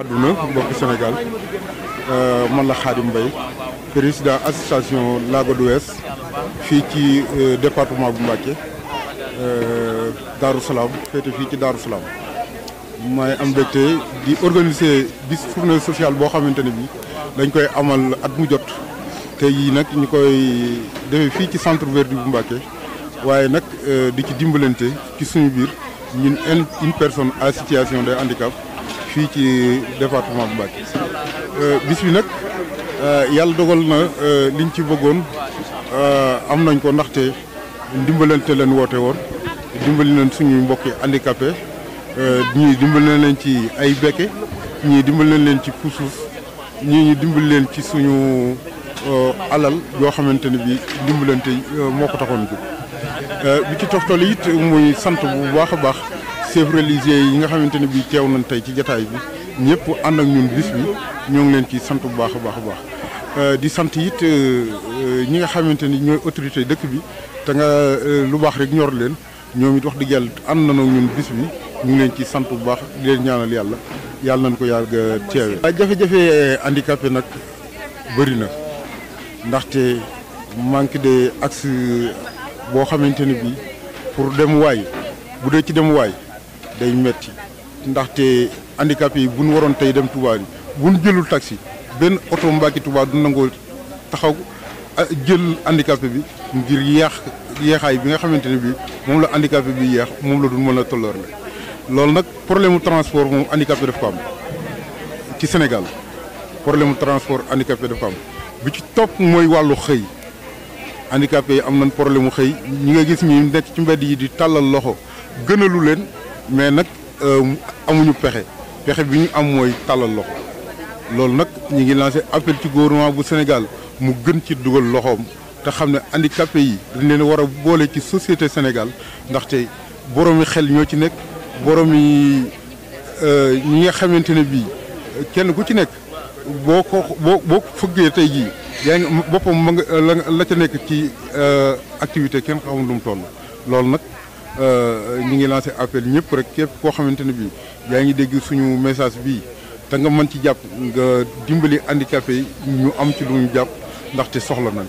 àdduna mbokki Sénégal euh, man la Khadim Mbaye président association Lago d'Ouest fii ci euh, département bu Mbacké euh, Darou Salaam fii ci Darou Salaam may am mbégte di organiser bis journée sociale boo xamante ne bi dañ koy amal at mu jot te yii nag ñu koy defee fii ci centre Verdi bu Mbacké waaye nag di ci dimbalante ci suñu biir ñun une personne à situation de handicap fii ci département bu Mbacké euh, bis bi nag euh, yàlla dogal na euh, liñ ci bëggoon am nañ ko ndaxte ndimbalante leen woote woon dimbali nañ suñuy mbokki handicapé ñii dimbali nañ leen ci ay bekke ñii dimbali nañ leen ci pusuuf ñii ñu dimbali leen ci suñu alal yoo xamante ne bi dimbalante moo ko taxoon jóg bi ci toftale it muy sant bu baax a baax chef religieux yi nga xamante ne bii teew nañ tey ci jataay bi ñëpp ànd ak ñun bis bi ñoo ngi leen ci sant bu baax a baax baax euh, di sant it euh, ñi nga xamante ni ñooy autorité dëkk bi te nga euh, lu baax rek ñor leen ñoom it wax di yàlla ànd nañoo ñun bis bi ñu leen ci sant bu baax di leen ñaanal yàlla yàlla nañ ko yàgg teewe jafe-jafe handicapé nag bëri na ndaxte manque de accès boo xamante ni bii pour dem waay bu dee ci dem waay day metti ndaxte handicapé yi bu ñu waroon tey dem Touba bi bu ñu jëlul taxi benn oto Mbacke Touba du nangoo taxaw ah, jël handicapé bi ngir yeex yeexaay bi nga xamante ne bi moom la handicapé bi yeex moom la du mën a tolloor ne loolu nag problème mu transport moom handicapé daf ko am ci senegal problème transport handicapé daf ko am bi ci topp mooy wàllu xëy handicapé yi am na problème mu xëy ñi nga gis ñi nekk ci mbedd yi di tàllal loxo gënalu leen mais nag euh, amuñu pexe pexe bi ñu am mooy tàllal loxo loolu nag ñu ngi lancé appel ci gouvernement bu Sénégal mu gën ci dugal loxoom te xam ne handicapé yi dañ leen war a boole ci société Sénégal ndaxte boroomi xel ñoo ci nekk boroomi euh, ñi nga xamante ne bii kenn ku ci nekk boo ko boo boo fëggee tey jii yaa ngi boppam ma nga la ca nekk ci euh, activité kenn xamul lu mu toll loolu nag. Euh, ñu ngi lancé appel ñëpp rek képp koo xamante ne bii yaa ngi dégg suñu message bi ta nga mën ci jàpp nga dimbali handicapé yi ñu am ci luñu jàpp ndaxte soxla nañ